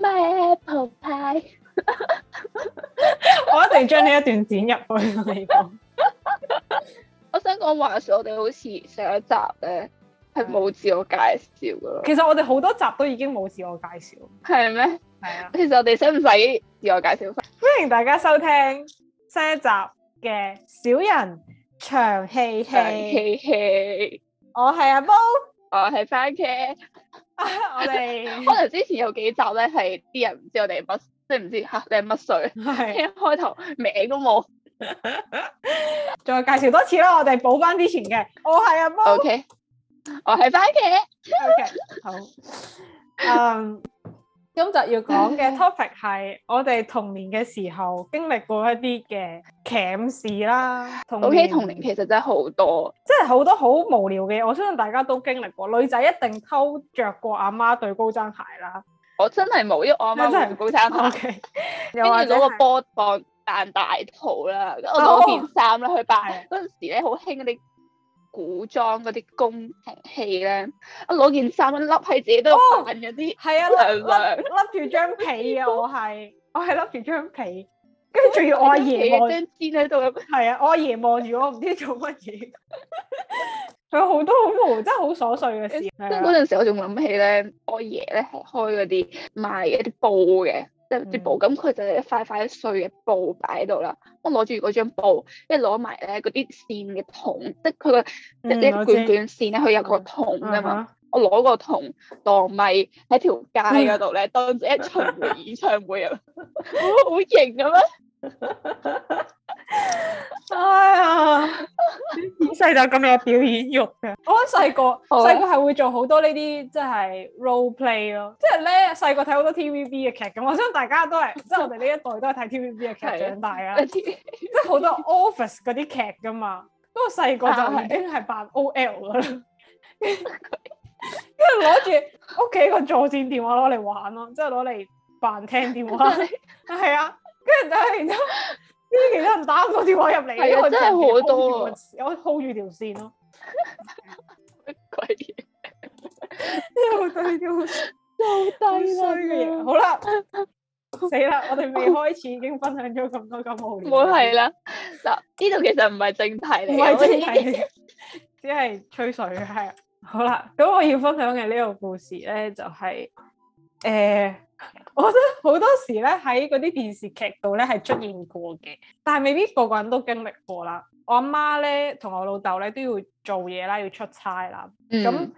咩？My 我一定將呢一段剪入去。我， 我想講，我想話，上我哋好似上一集咧，係冇自我介紹噶咯。其實我哋好多集都已經冇自我介紹，係咩嗎？係 啊。其實我哋使唔使自我介紹翻？歡迎大家收聽新一集嘅小人 長氣氣，長氣 我係阿煲，我係番茄。 我哋們可能之前有幾集咧，係啲人唔知我哋乜，即係唔知吓、啊、你係乜水， 聽一開頭名都冇，仲有 介紹多次啦，我哋補翻之前嘅，哦啊 Mo okay. 我係阿 k 我係番茄 ，o、okay. k 好，嗯、um。今集要講嘅 topic 係我哋童年嘅時候經歷過一啲嘅僇事啦。講起童年其實真係好多，即係好多好無聊嘅嘢，我相信大家都經歷過。女仔一定偷著過阿媽對高踭鞋啦。我真係冇喐阿媽對高踭鞋。跟住攞個波放扮大肚啦，我攞件衫咧去扮。嗰陣時咧好興嗰啲，古裝嗰啲工戲咧，我攞件衫，一笠喺自己度扮嗰啲，係、哦、啊，涼涼，笠住張被啊，我係、 啊，我係笠住張被，跟住仲要我阿爺望張氈喺度，係啊，我阿爺望住我，唔知做乜嘢，仲有好多好無聊，真係好瑣碎嘅事，即係嗰陣時，我仲諗起咧，我阿爺咧係開嗰啲賣一啲布嘅。即係布，咁佢、嗯、就係一塊塊碎嘅布擺喺度啦。我攞住嗰張布，一攞埋咧嗰啲線嘅筒，即係佢個一一卷卷線咧，佢有個筒啊嘛。我攞個筒當咪喺條街嗰度咧，當咗、嗯、一場演唱會啊！ 好型啊嘛～ 哎呀！以前細就咁有表演欲嘅，我諗細個細個係會做好多呢啲即係 role play 咯，即係咧細個睇好多 TVB 嘅劇咁，我想大家都係即係我哋呢一代都係睇 TVB 嘅劇長大啊，即係好多 office 嗰啲劇噶嘛，不過細個就已經係扮 OL 啦，跟住攞住屋企個座線電話攞嚟玩咯，即係攞嚟扮聽電話，係啊、 哎，跟住就係然之後。啲其他人打好多電話入嚟，因為，我真係好多，我 hold 住條線咯。乜 鬼嘢、啊？真係好低調，真係好低衰嘅嘢。好啦，死啦！我哋未開始已經分享咗咁多咁好嘢。冇睇啦。嗱，呢度其實唔係正題嚟，唔係 正題， 只係吹水。係。好啦，咁我要分享嘅呢個故事咧、就係，就係誒。我覺得好多時咧喺嗰啲電視劇度咧係出現過嘅，但係未必個個人都經歷過啦。我阿媽咧同我老豆咧都要做嘢啦，要出差啦。咁、嗯、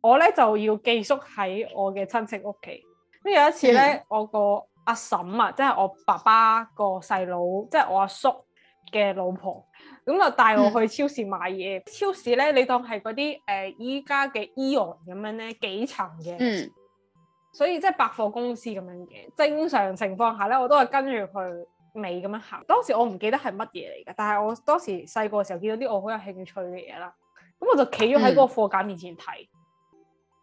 我咧就要寄宿喺我嘅親戚屋企。咁有一次咧，我個阿嬸啊，嗯、即係我爸爸個細佬，即係我阿叔嘅老婆，咁就帶我去超市買嘢。嗯、超市咧，你當係嗰啲誒，依家嘅 Eon 咁樣咧，幾層嘅。嗯所以即係百貨公司咁樣嘅，正常情況下咧，我都係跟住佢尾咁樣行。當時我唔記得係乜嘢嚟嘅，但係我當時細個嘅時候見到啲我好有興趣嘅嘢啦，咁我就企咗喺嗰個貨架面前睇，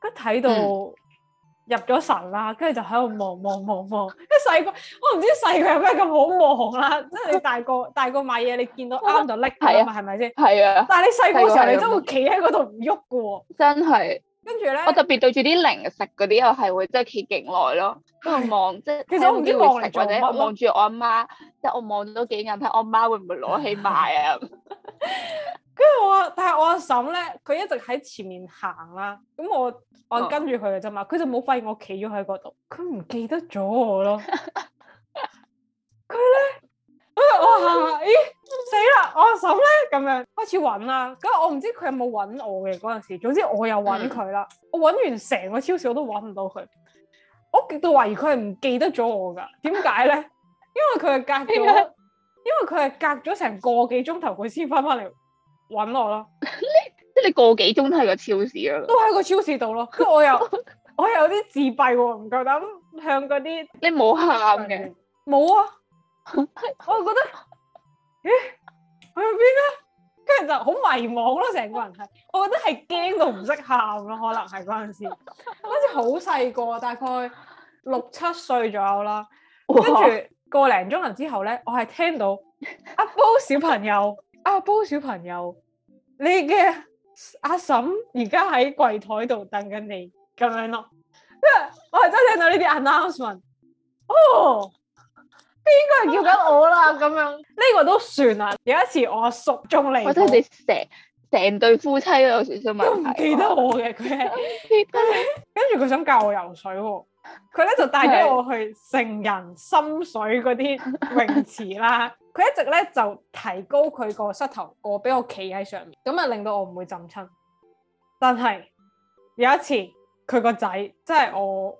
一睇到入咗神啦，跟住就喺度望望望望。即細個，我唔知細個有咩咁好望啦。即係你大個大個買嘢，你見到啱就拎係啊，係咪先？係啊。但係你細個嘅時候，時候你都會企喺嗰度唔喐嘅，真係。跟住咧，我特別對住啲零食嗰啲又係會真係企勁耐咯，喺度望，即係其實我唔知望嚟做咩，或者望住我阿媽、嗯，即係我望咗幾眼睇我阿媽會唔會攞起買啊？跟住 我，但係我阿嬸咧，佢一直喺前面行啦，咁我我跟住佢嘅啫嘛，佢就冇發現我企咗喺嗰度，佢唔記得咗我咯，佢咧。 我行下，咦死啦！我阿嬸咧，咁樣開始揾啦。咁我唔知佢有冇揾我嘅嗰陣時，總之我又揾佢啦。嗯、我揾完成個超市，我都揾唔到佢。我極都懷疑佢係唔記得咗我噶。點解咧？因為佢係隔咗，麼因為佢係隔咗成個幾鐘頭，佢先翻翻嚟揾我咯。即係你個幾鐘都喺個超市啊？都喺個超市度咯。咁我又， 我又有啲自閉喎，唔夠膽向嗰啲。你冇喊嘅，冇啊。 我覺得，咦，去邊咧？跟住就好迷茫咯，成個人係，我覺得係驚到唔識喊咯，可能係嗰陣時，嗰陣時好細個，大概六七歲左右啦。跟住哇個零鐘頭之後咧，我係聽到阿波 小朋友，阿波小朋友，你嘅阿嬸而家喺櫃檯度等緊你，咁樣咯。跟住我係真聽到呢啲 announcement，哦。邊個係叫緊我啦？咁樣呢 個都算啦。有一次我叔仲嚟，我真係你成成對夫妻都有少少問題，都唔記得我嘅。佢係跟住佢想教我游水喎。佢咧就帶咗我去成人深水嗰啲泳池啦。佢是 一直咧就提高佢個膝頭哥，俾我企喺上面，咁啊令到我唔會浸親。但係有一次佢個仔，即係我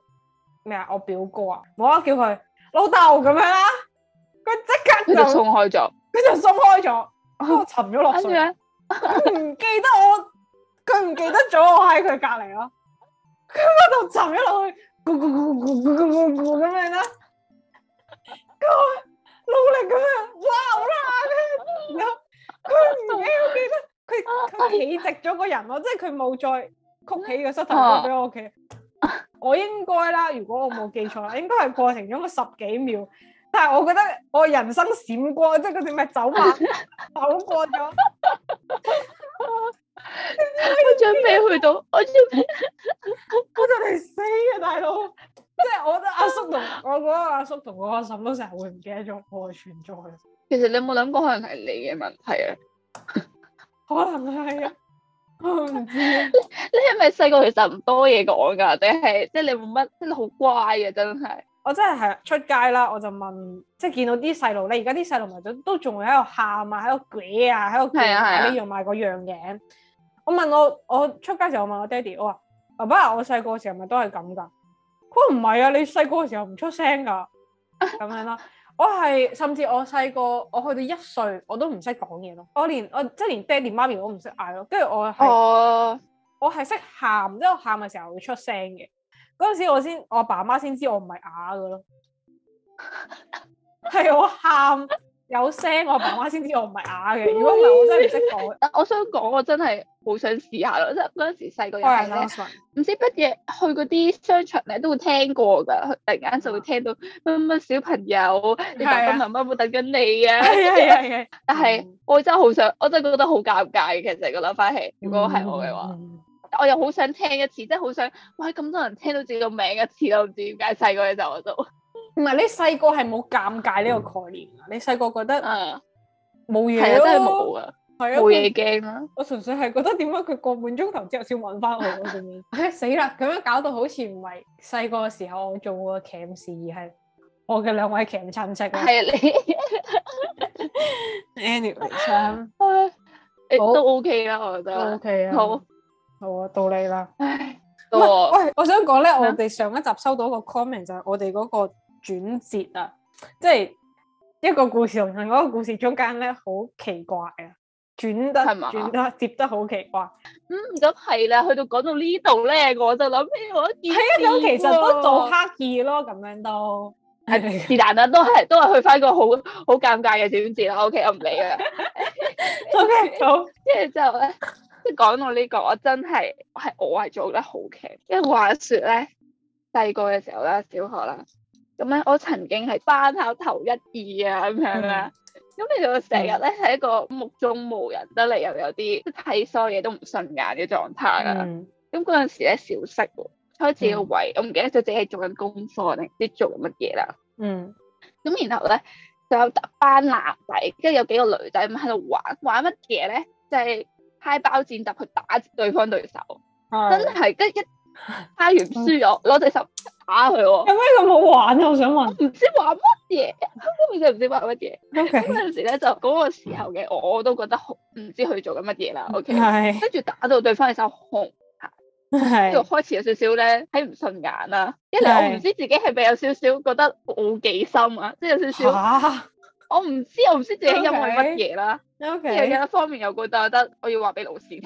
咩啊？我表哥啊，冇啊叫佢。老豆咁樣啦，佢即刻就鬆開咗，佢就鬆開咗，我沉咗落去，佢唔記得我。佢唔記得咗我喺佢隔離咯，佢喺度沉咗落去，咕咕咕咕咕咕咕咁樣啦，咁我努力咁樣，哇好難咧，然後佢唔記記得，佢佢企直咗個人咯，即係佢冇再曲起個膝頭哥俾我企。我應該啦，如果我冇記錯，應該係過程中有十幾秒，但係我覺得我人生閃過，即係佢哋咪走過，走過咗。我準備去到，我準備， 我就嚟死啊，大佬！即係我， 我覺得我阿叔同我嗰個阿叔同我阿嬸都成日會唔記得咗我嘅存在。其實你有冇諗過可能係你嘅問題啊？ 可能係啊。我唔知你，你係咪細個其實唔多嘢講噶？定係即係你冇乜，即係好乖嘅真係。我真係係出街啦，我就問，即係見到啲細路咧。而家啲細路咪都仲會喺度喊啊，喺度嘅啊，喺度係啊係啊，呢、啊啊、樣買嗰樣嘅。啊、我問我我出街時候，我問我爹哋，我話爸爸，我細個時候咪都係咁噶？佢唔係啊，你細個嘅時候唔出聲噶，咁樣咯。我係甚至我細個我去到一歲我都唔識講嘢咯，我連我即係連爹哋媽咪我都唔識嗌咯，跟住我係我係識喊，即我喊嘅、oh. 時候會出聲嘅。嗰陣時我先我阿爸媽先知我唔係啞嘅咯，係我喊。有聲，我爸爸媽先知我唔係啞嘅。如果唔係，我真係唔識講。我想講，我真係好想試下咯。即係嗰陣時細個，唔 知乜嘢去嗰啲商場咧都會聽過㗎。突然間就會聽到乜乜 小朋友，啊、你爸爸媽媽會等緊你啊！係係係。啊啊啊、 但係我真係好想，我真係覺得好尷尬嘅。其實講翻起，如果係我嘅話， 我又好想聽一次，即係好想。喂，咁多人聽到自己個名一次，都唔知點解細個嘅時候我都。 唔係你細個係冇尷尬呢個概念啊！你細個覺得啊冇嘢咯，真係冇噶，係啊冇嘢驚啊！我純粹係覺得點解佢個半鐘頭之後先搵返我？死啦！咁樣搞到好似唔係細個嘅時候我做過嘅 cam 事，而係我嘅兩位 cam 親戚啊！係啊你 anyway，好都 OK 啦，我覺得 OK 啊，好好啊，到你啦！唔係喂，我想講咧，我哋上一集收到個 comment 就係我哋嗰個。轉折啊，即係一個故事同另一個故事中間咧，好奇怪啊，轉得轉得嗎接得好奇怪。嗯，咁係啦，去到講到呢度咧，我就諗、啊，我見係一我其實都做刻意咯，咁樣都係是但啦，都係都係去翻個好好尷尬嘅轉折啦。 o、okay, K，我唔理啦。 o、okay, K，好，跟住之後咧，即係講到呢、這個，我真係係我係做得好劇。因為話說咧，細個嘅時候啦，小學啦。咁咧，我曾經係班考頭一二啊，咁樣啦。咁你就成日咧係一個目中無人得嚟，又有啲睇所有嘢都唔順眼嘅狀態啦、啊。咁嗰陣時咧小息喎，開始個位，mm. 我唔記得咗自己係做緊功課定啲做乜嘢啦。嗯。咁然後咧就有班男仔，跟住有幾個女仔咁喺度玩，玩乜嘢咧？就係、是、h 包戰搭去打對方對手，mm. 真係跟一。打完輸咗，攞隻手打佢喎、哦。有咩咁好玩啊？我想問。唔知玩乜嘢？咁其實就唔知玩乜嘢。咁嗰陣時咧，就嗰個時候嘅，我都覺得好唔知佢做緊乜嘢啦。O、okay、K。跟住是打到對方隻手紅，係是。就開始有少少咧睇唔順眼啦。一嚟我唔知自己係咪有少少覺得冇記深啊，即係是有少少哈。我唔知 Okay.，我唔知自己因為乜嘢啦。O K。有一方面又覺得我要話俾老師聽。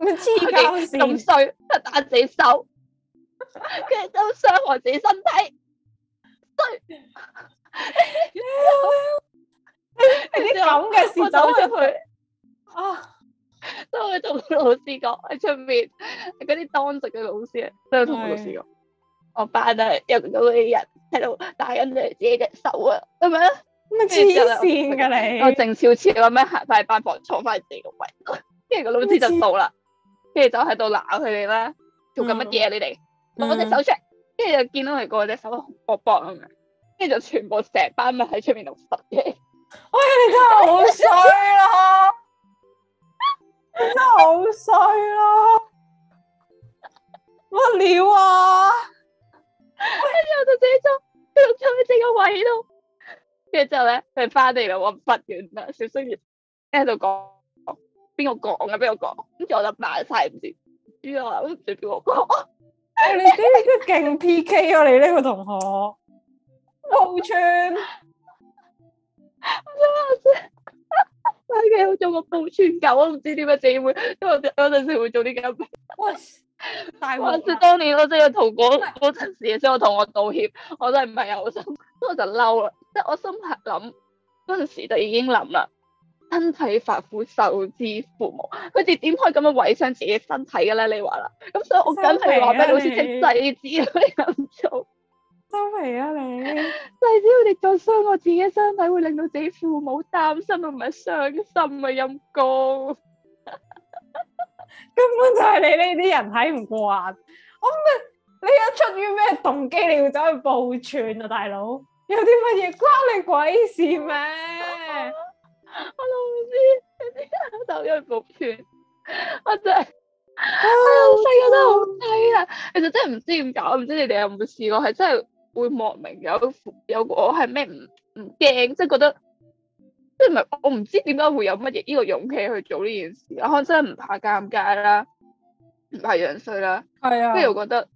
唔黐膠，咁衰，佢打自己手，佢又咁傷害自己身體，衰，妖，你啲咁嘅事走出去，啊，都去同老師講喺出面，嗰啲當值嘅老師，都會同老師講，我班啊入到嗰啲人喺度打緊自己隻手啊，係咪啊？黐線噶你，我靜悄悄咁樣行翻去班房，坐翻自己個位，跟住個老師就到啦。跟住就喺度鬧佢哋啦，嗯、做緊乜嘢啊你哋？攞我隻手出嚟，跟住、嗯、就見到佢個隻手啊，搏搏咁樣，跟住就全部成班咪喺出面度罰嘢。哇、哎！你真係好衰 你真係好衰咯。乜 料 啊？跟住、 哎、我就坐咗坐喺正個位度，跟住之後咧，佢翻嚟啦，我唔罰佢啦，小聲啲，喺度講。邊個講啊？邊個講？跟住我就扮晒唔知，我知啊？邊個講？你點解咁勁 P K 啊？你呢個同學？報串，我想下先，我真係好做過報串狗，我唔知點解自己會，因為嗰陣時會做呢咁嘅。喂 家， 大話說當年我真係同嗰嗰陣時嘅，所以我同我道歉，我真係唔係有心， 所以我就嬲啦。即係我心諗嗰陣時就已經諗啦。身體髮膚受之父母，佢哋點可以咁樣毀傷自己身體嘅咧？你話啦，咁所以我梗係話俾老師知，制止佢咁做。收皮啊你！制止你再傷害自己身體，會令到自己父母擔心同埋傷心啊陰功。根本就係你呢啲人睇唔慣，我問你一，出於咩動機你要走去報串啊，大佬？有啲乜嘢關你鬼事咩？嗯嗯。我都唔知嗰啲手語舞團，我真係，oh, 我細個都好低啊。其實真係唔知點解，我唔知你哋有冇試過，係真係會莫名有有個係咩唔唔驚，即係、就是、覺得即係唔係我唔知點解會有乜嘢呢個勇氣去做呢件事。我真係唔怕尷尬啦，唔怕樣衰啦，係啊。跟住我覺得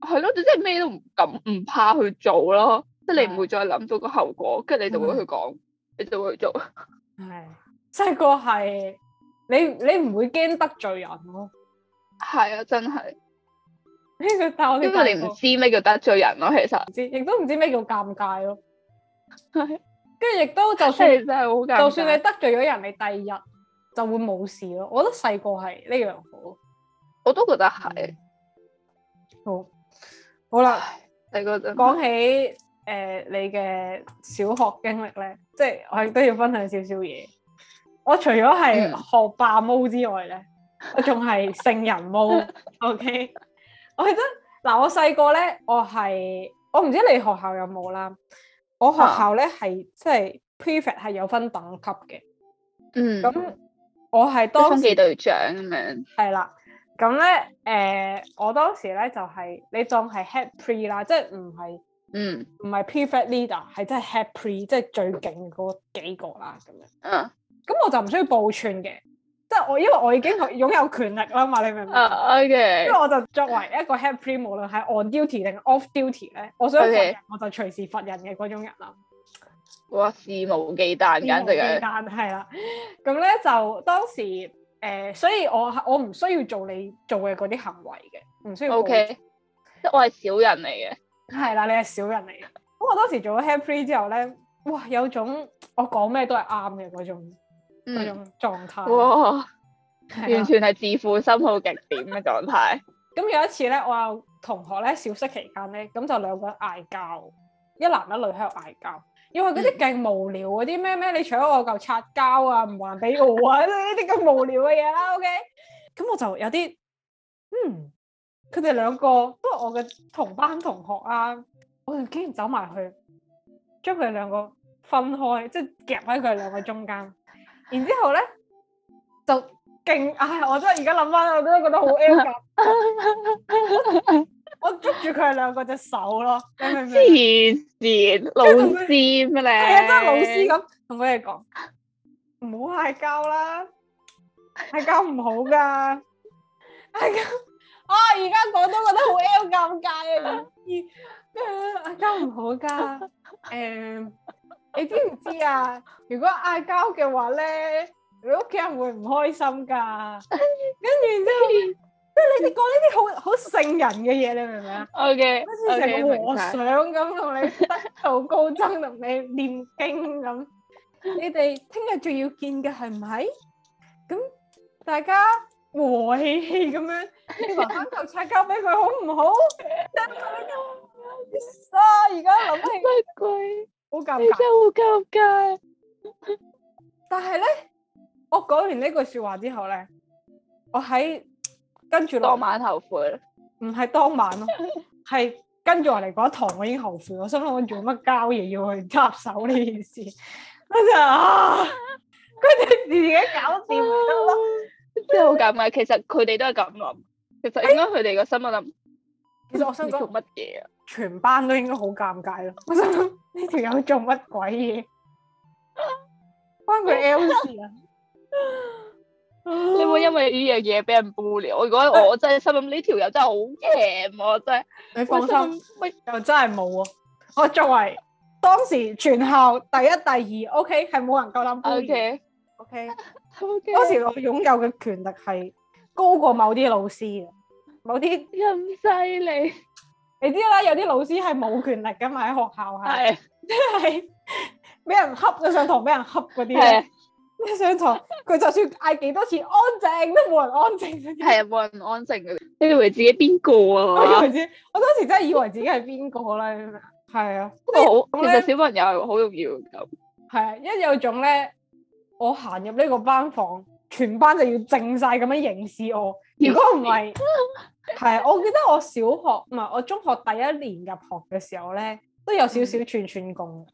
係咯，即係咩都唔敢唔怕去做咯，即、就、係、是、你唔會再諗到個後果，跟住、嗯、你就會去講。你就會做，係細個係你你唔會驚得罪人咯、啊，係啊真係，呢住 但係我哋唔知咩叫得罪人咯、啊，其實，唔知亦都唔知咩叫尷尬咯、啊，跟住亦都就算 真真係好尷就算你得罪咗人，你第二日就會冇事咯。我覺得細個係呢樣、嗯、好，我都覺得係，好好啦，第個講起。誒、呃，你嘅小學經歷咧，即係我亦都要分享少少嘢。我除咗係學霸毛之外咧，我仲係聖人毛。OK，我記得嗱，我細個咧，我係我唔知你學校有冇啦。我學校咧係、哦、即係 prefect 係有分等級嘅。嗯。咁我係當通記隊長咁樣。係啦。咁咧誒，我當時咧就係、是、你當係 head pre 啦，即係唔係？嗯，唔係 prefect leader，係真係 head pre，即係最勁嗰幾個啦，咁樣。嗯、啊。咁我就唔需要報串嘅，即、就、係、是、我因為我已經擁有權力啦嘛，你明唔明？啊，O K。因、okay、為我就作為一個 head pre，無論係 on duty 定 off duty 咧，我想罰人，Okay. 我就隨時罰人嘅嗰種人啦。哇！肆無忌憚，簡直係。忌憚係啦，咁咧 就當時誒、呃，所以我我唔需要做你做嘅嗰啲行為嘅，唔需要。O、okay、K，即係我係小人嚟嘅。係啦，你係小人嚟嘅。咁我當時做咗 happy 之後咧，哇，有種我講咩都係啱嘅嗰種嗰種狀態。哇！完全係自負心好極點嘅狀態。咁有一次咧，我有同學咧，小息期間咧，咁就兩個人嗌交，一男一女喺度嗌交，因為嗰啲勁無聊嗰啲咩咩，你搶我嚿擦膠啊，唔還俾我啊，呢啲咁無聊嘅嘢啦。OK。咁我就有啲嗯。佢哋兩個都係我嘅同班同學啊！我哋竟然走埋去，將佢哋兩個分開，即係夾喺佢哋兩個中間。然之後咧就勁唉、哎！我真係而家諗翻，我都覺得好 M 我捉住佢哋兩個隻手咯，你明唔明？黐線老師咩咧？係啊，真係老師咁同佢哋講，唔 好嗌交啦，嗌交唔好噶，嗌交。啊！而家講都覺得好 L 尷尬啊！唔知嗌交唔好噶？誒，你知唔知啊？如果嗌交嘅話咧，你屋企人會唔開心噶？跟住然之後，即係你哋講呢啲好好聖人嘅嘢，你明唔明啊？OK，好似成個和尚咁，同你得道高僧同你念經咁。你哋聽日最要見嘅係唔係？咁大家。和氣氣咁樣，你把翻嚿擦膠交俾佢好唔好？啊！而家諗起，好尷尬，真係好尷尬。但係咧，我講完呢句説話之後咧，我喺跟住當晚後悔，唔係當晚咯，係跟住人嚟講堂，我已經後悔，我心諗我做乜交嘢要去插手呢件事，我就啊，佢哋自己搞掂得啦。真係好尷尬，其實佢哋都係咁諗，其實應該佢哋個心我諗，其實我想講做乜嘢啊？全班都應該好尷尬咯。我心諗呢條友做乜鬼嘢？關佢 L 事啊！你會因為呢樣嘢俾人 bull 了？我覺得我真係心諗呢條友真係好咸，我真係。你放心，我真係冇啊！我作為當時全校第一、第二，OK，係冇人夠膽 bull 嘅，OK。當時我擁有嘅權力係高過某啲老師嘅，某啲咁犀利。你知啦，有啲老師係冇權力㗎嘛？喺學校係即係俾人恰咗上堂，俾人恰嗰啲咧。上堂佢是、啊、就算嗌幾多次安靜，都冇人安靜。係啊，冇人安靜嘅。你以為自己邊個啊？我以為，我當時真係以為自己係邊個啦。係啊，不過好其實小朋友係好容易咁。係啊，因為有種咧。我行入呢個班房，全班就要靜晒咁樣凝視我。如果唔係，係 我記得我小學，唔係，我中學第一年入學嘅時候咧，都有少少串串工、嗯。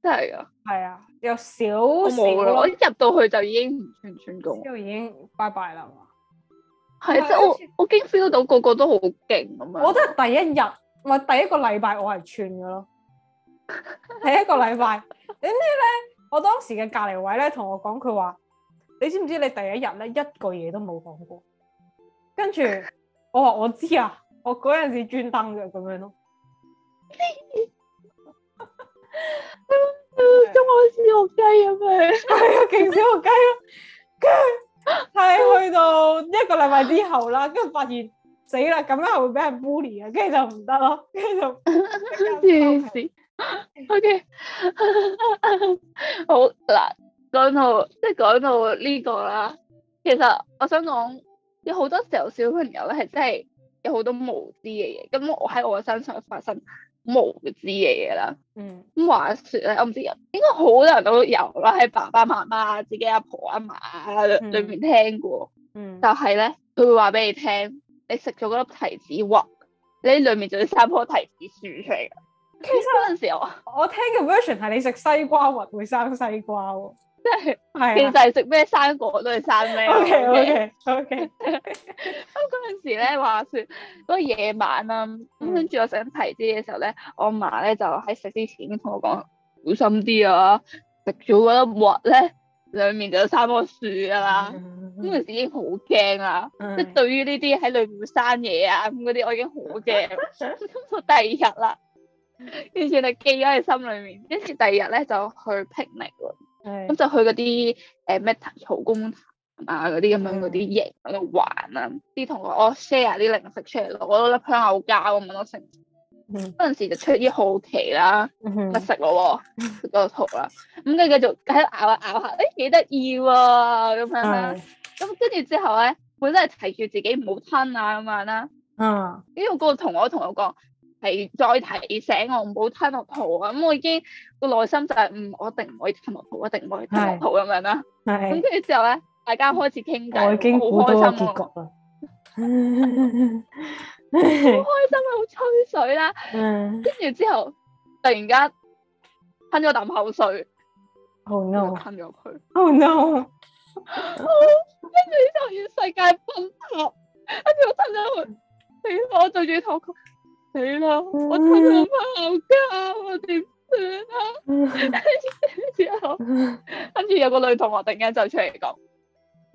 真係啊，係啊，有少少。我，咯我一入到去就已經唔串串工，因為已經拜拜啦嘛。係 是即係我我經 feel 到個個都好勁咁樣。嗯、我真係第一日，唔係、嗯、第一個禮拜，我係串噶咯。係 一個禮拜，點知咧？ 我當時嘅隔離位咧，同我講佢話：你知唔知你第一日咧一句嘢都冇講過？跟住我話我知啊，我嗰陣時專登嘅咁樣咯。 咁我似小學雞咁樣，係 啊勁小學雞咯。跟住係去到一個禮拜之後啦，跟住發現死啦，咁樣係會俾人 bully 嘅，跟住就唔得咯，跟住。O Okay . K， 好嗱，講到即係講到呢個啦，其實我想講，有好多時候小朋友咧係真係有好多無知嘅嘢，咁我喺我身上發生無知嘅嘢啦。嗯。咁話說咧，我唔知應該好多人都有啦，喺爸爸媽媽、自己阿婆阿嫲裏面聽過。嗯嗯、但就係咧，佢會話俾你聽，你食咗嗰粒提子核，你裏面仲有三棵提子樹出嚟。其實嗰陣時我我聽嘅 version 係你食西瓜核會生西瓜喎。哦，即係其實食咩生果都係生咩。O K O K O K。咁嗰陣時咧話說嗰、那個夜晚啊，咁跟住我想提啲嘅時候咧，我阿嫲咧就喺食之前已經同我講小、嗯、心啲啊，食咗嗰粒核咧裏面就有三棵樹噶啦。咁陣、嗯、時已經好驚啦，嗯、即係對於呢啲喺裏面生嘢啊咁嗰啲，我已經好驚。上到、嗯、 第二日啦。完全係記喺心裏面，跟住第二日咧就去 picnic。咁就去嗰啲誒咩曹公潭啊嗰啲咁樣嗰啲型喺度玩啊。啲同學我 share 啲零食出嚟咯，我都粒香口膠咁樣，我食。嗰陣時就出於好奇啦，咪食咯，食咗套啦，咁跟住繼續喺度咬下咬下，誒幾得意喎咁樣，咁跟住之後咧，本身係提住自己唔好吞啊咁樣啦，嗯，因為個同學同我講。係再提醒我唔好吞落肚啊！咁、嗯、我已經個內心就係、是、唔，我一定唔可以吞落肚，一定唔可以吞落肚咁樣啦。咁跟住之後咧，大家開始傾偈，我已經好開心啊！好 開心啊！好吹水啦！跟住之後突然間吞咗啖口水。Oh no！吞咗佢。Oh no！跟、oh, 住、no. 就要世界崩塌，跟住我吞咗佢。我最中意糖死咯，我吞咗香口膠，我點算啊？跟 住有個女同學突然間就出嚟講：，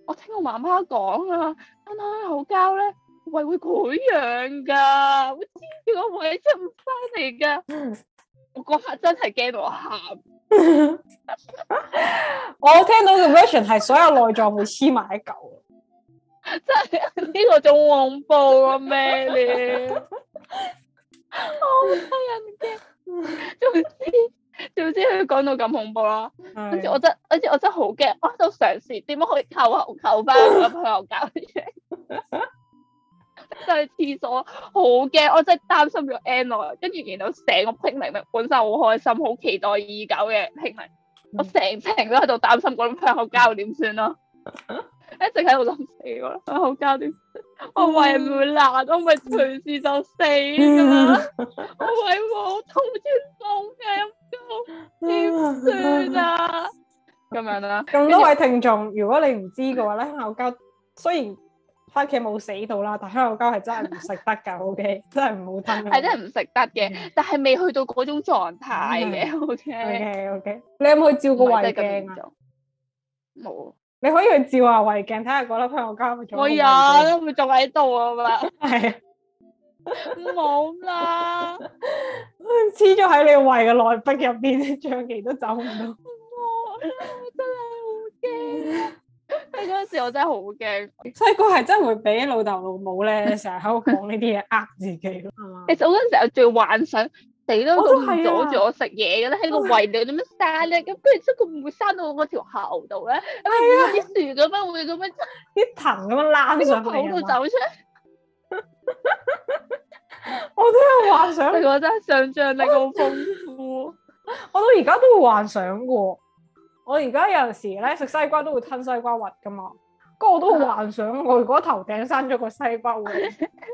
我聽我媽媽講啊，吞咗香口膠咧，胃會潰瘍噶，會黐住個胃，出唔翻嚟噶。我嗰刻真係驚到我喊。 我聽到嘅 version 係所有內臟會黐埋一嚿， 真係呢、這個仲恐怖啊！咩 你？我 好得人驚，總之總之佢講到咁恐怖啦，跟住的我真，跟住我真好驚，我喺度嘗試點樣去扣扣返嗰粒香口膠嘅，上廁所好驚，我真係擔 心咗 N 耐，跟住然後成個拼明嘅，本身好開心，好期待已久嘅拼明，我成程都喺度擔心嗰粒香口膠點算咯。一直喺度諗死我啦！我香口膠啲，我胃會唔會爛？我咪隨時就死噶啦！我胃好痛，好痛啊！咁痛點算啊？咁樣啦，咁多位聽眾，如果你唔知嘅話咧，香口膠雖然番茄冇死到啦，但係香口膠係真係唔食得噶，OK，真係唔好吞。係真係唔食得嘅，但係未去到嗰種狀態嘅，OK，OK，你有冇去照個胃鏡啊？冇。你可以去照下胃鏡，睇下嗰粒喺我肝部仲。我有都會仲喺度啊嘛。係啊，冇啦，黐咗喺你胃嘅內壁入邊，張旗都走唔到，哎。我真係好驚，喺嗰陣時我真係好驚。細個係真係會俾老豆老母咧，成日喺度講呢啲嘢，呃自己咯。其實我嗰陣時我最幻想。死都咁阻住我食嘢嘅咧，喺、啊、個胃度點樣生咧？咁佢真係唔會生到我嗰條喉度咧？咁變咗啲樹咁樣會咁樣啲 藤咁樣躝上口度走出。 我都有幻想，你 真係想象力好豐富。我到而家都會幻想過，我而家有陣時咧食西瓜都會吞西瓜核噶嘛。不過我都好幻想， 我如果頭頂生咗個西包，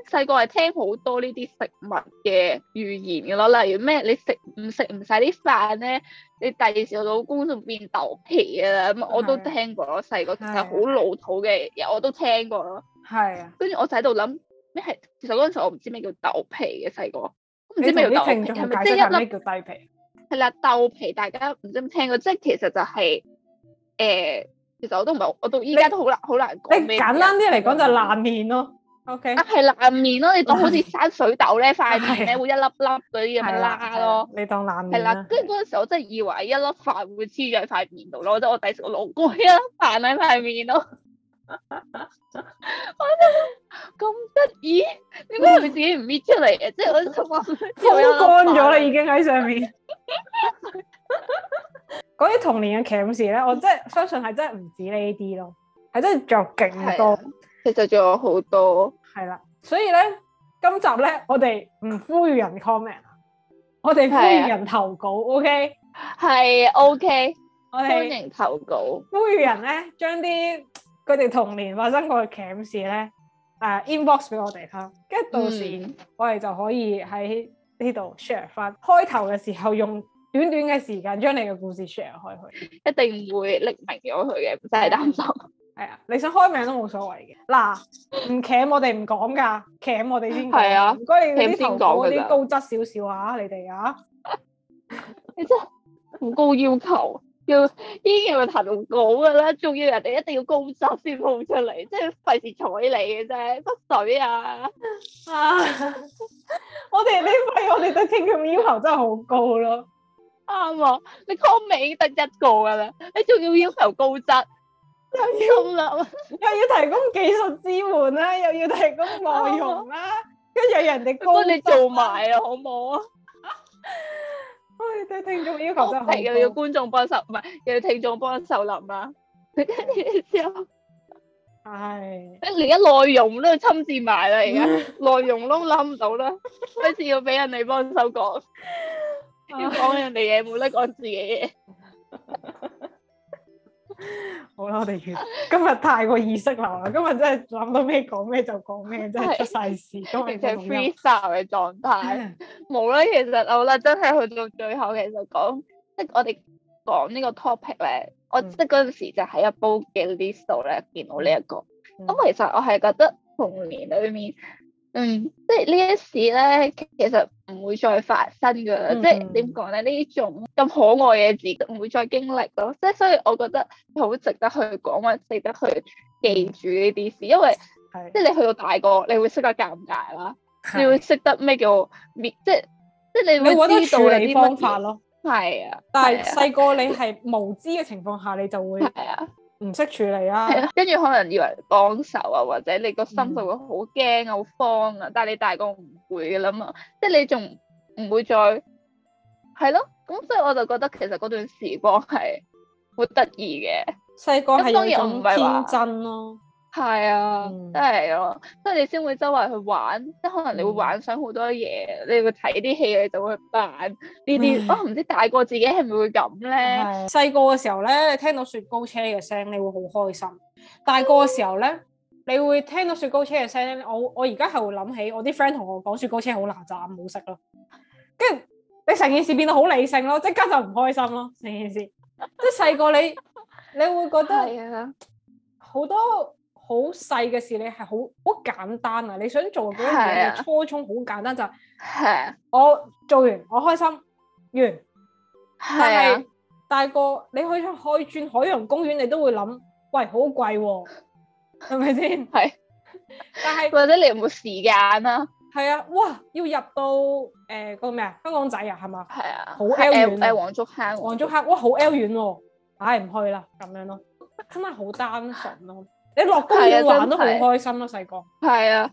細個係聽好多呢啲食物嘅預言嘅咯，例如咩你食唔食唔晒啲飯咧，你第二時老公就變豆皮啊咁，我都聽過。細個其實好老土嘅嘢我都聽過咯。係啊。跟住我就喺度諗咩係，其實嗰陣時我唔知咩叫豆皮嘅細個，唔知咩叫豆皮係咪即係一粒叫西皮？係啦，豆皮大家唔知有冇聽過？即係其實就係、是、誒。呃.其實我都唔係，我到依家都好難，好你難講咩，簡單啲嚟講就爛面咯。O K。Okay 啊，係爛面咯，你當好似山水豆咧塊面咧會一粒粒嗰啲咁樣拉咯、啊啊啊。你當爛面啦。係啦、啊，跟住嗰陣時我真係以為一粒飯會黐喺塊面度，攞咗我第食我攞過一粒飯喺塊面咯。咁得意？點解佢自己唔搣出嚟嘅？即係我同我風乾咗啦，已經喺上面。 嗰啲童年嘅慘事咧，我真係相信係真係唔止呢啲咯，係真係着勁多。其實仲好多，係啦、啊。所以咧，今集咧，我哋唔呼籲人 comment 啊，我哋呼籲人投稿、啊、，OK？係 OK 我們。我哋呼籲投稿。呼籲人咧，將啲佢哋童年發生過嘅慘事咧，誒、啊、inbox 俾我哋睇，跟住到時我哋就可以喺呢度 share 翻。嗯、開頭嘅時候用。短短嘅時間將你嘅故事 share 開去，一定會匿名咗佢嘅，唔使擔心。係啊，你想開名都冇所謂嘅。嗱，唔鉗我哋唔講噶，鉗我哋先講。係啊，唔該你啲投稿啲高質少少啊，你哋啊，你真係唔高要求，要呢已咪係投稿噶啦，仲要人哋一定要高質先放出嚟，即係費事睬你嘅啫，不水啊！啊，我哋呢份我哋對聽眾要求真係好高咯。啱啊！你 call 尾得一個噶啦，你仲要要求高質，又要諗，又要提供技術支援啦，又要提供內容啦，跟住人哋高，幫你做埋啊，好唔好啊？唉，對聽眾要求就好，係啊，要觀眾幫手，唔係又要聽眾幫手諗啦。跟住之後，係，即係你而家內容都要親自埋啦，而家內容都諗唔到啦，開始要俾人哋幫手講。要講、啊、人哋嘢，冇得講自己嘢。 好啦，我哋今日太過意識流啦， 今日真係諗到咩講咩就講咩， 真係出晒事，咁都係 free style 嘅狀態。冇啦，其實我啦，真係去到最後，其實講即係我哋講呢個 topic 咧、嗯，我即係嗰時就喺一煲嘅 list 度咧見到呢、這、一個。咁、嗯、其實我係覺得童年裏面，面。嗯，即係呢一事咧，其實唔會再發生噶啦。嗯嗯，即係點講咧，呢種咁可愛嘅事唔會再經歷咯。即係所以我覺得好值得去講，或者值得去記住呢啲事，因為、嗯、即係你去到大個，你會識得尷尬啦，嗯、你會識得咩叫即係即係你會知道你啲方法咯。係啊，啊啊但係細個你係無知嘅情況下，你就會係啊。唔識處理啊，係啊，跟住可能以為幫手啊，或者你個心就會好驚啊，好、嗯、慌啊，但係你大個唔會噶啦嘛，即係你仲唔會再係咯，咁所以我就覺得其實嗰段時光係好得意嘅，細個係有種天真咯，啊。係啊，真係咯，即係你先會周圍去玩，即係可能你會幻想好多嘢，嗯、你會睇啲戲，你就會扮呢啲。我唔唉知大個自己係咪會咁咧？細個嘅時候咧，你聽到雪糕車嘅聲，你會好開心。大個嘅時候咧，你會聽到雪糕車嘅聲，我我而家係會諗起我啲 friend 同我講雪糕車難好難賺，唔好食咯。跟住你成件事變到好理性咯，即刻就唔開心咯成件事。即係細個你你會覺得好、啊、多。好細嘅事你係好好簡單啊！你想做嗰樣嘢初衷好簡單就係、是啊、我做完我開心完，係、啊、大個你以去以開轉海洋公園，你都會諗喂好貴喎，係咪先？係，是 但係是或者你有冇時間啊，係啊，哇！要入到誒、呃、個咩啊？香港仔啊，係嘛？係啊，好很 L 遠啊！黃 L 竹坑，黃竹坑，哇！好 L 遠喎，唉、啊、唔、啊、去啦，咁樣咯，真係好單純咯。你落公園玩得好開心咯，細個。係啊，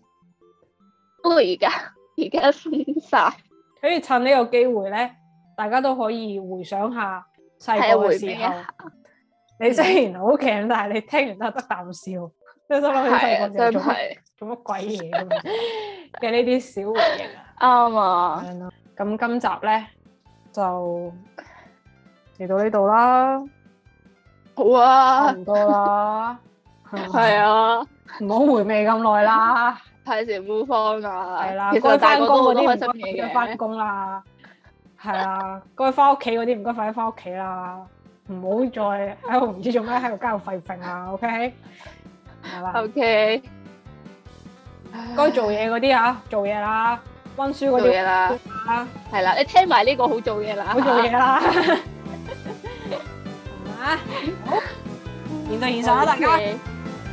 不過而家而家酸曬。所以趁呢個機會咧，大家都可以回想下細個嘅時候事。你雖然好騎，但係你聽完都得啖笑，即係心諗你細個時做乜鬼嘢咁嘅呢啲小回憶啊！啱啊吧，咁今集咧就嚟到呢度啦。好啊，差唔多啦。係啊，唔好回味咁耐啦，太成烏方啦。係啦，該翻工嗰啲，該翻工啦。係啊，該翻屋企嗰啲，唔該快啲翻屋企啦。唔好再喺度唔知做咩，喺度交度廢餅啦。OK，係啦。OK，該做嘢嗰啲啊，做嘢啦，溫書嗰啲做嘢啦。係啦，你聽埋呢個好做嘢啦，好做嘢啦。啊，面對現實啦，大家。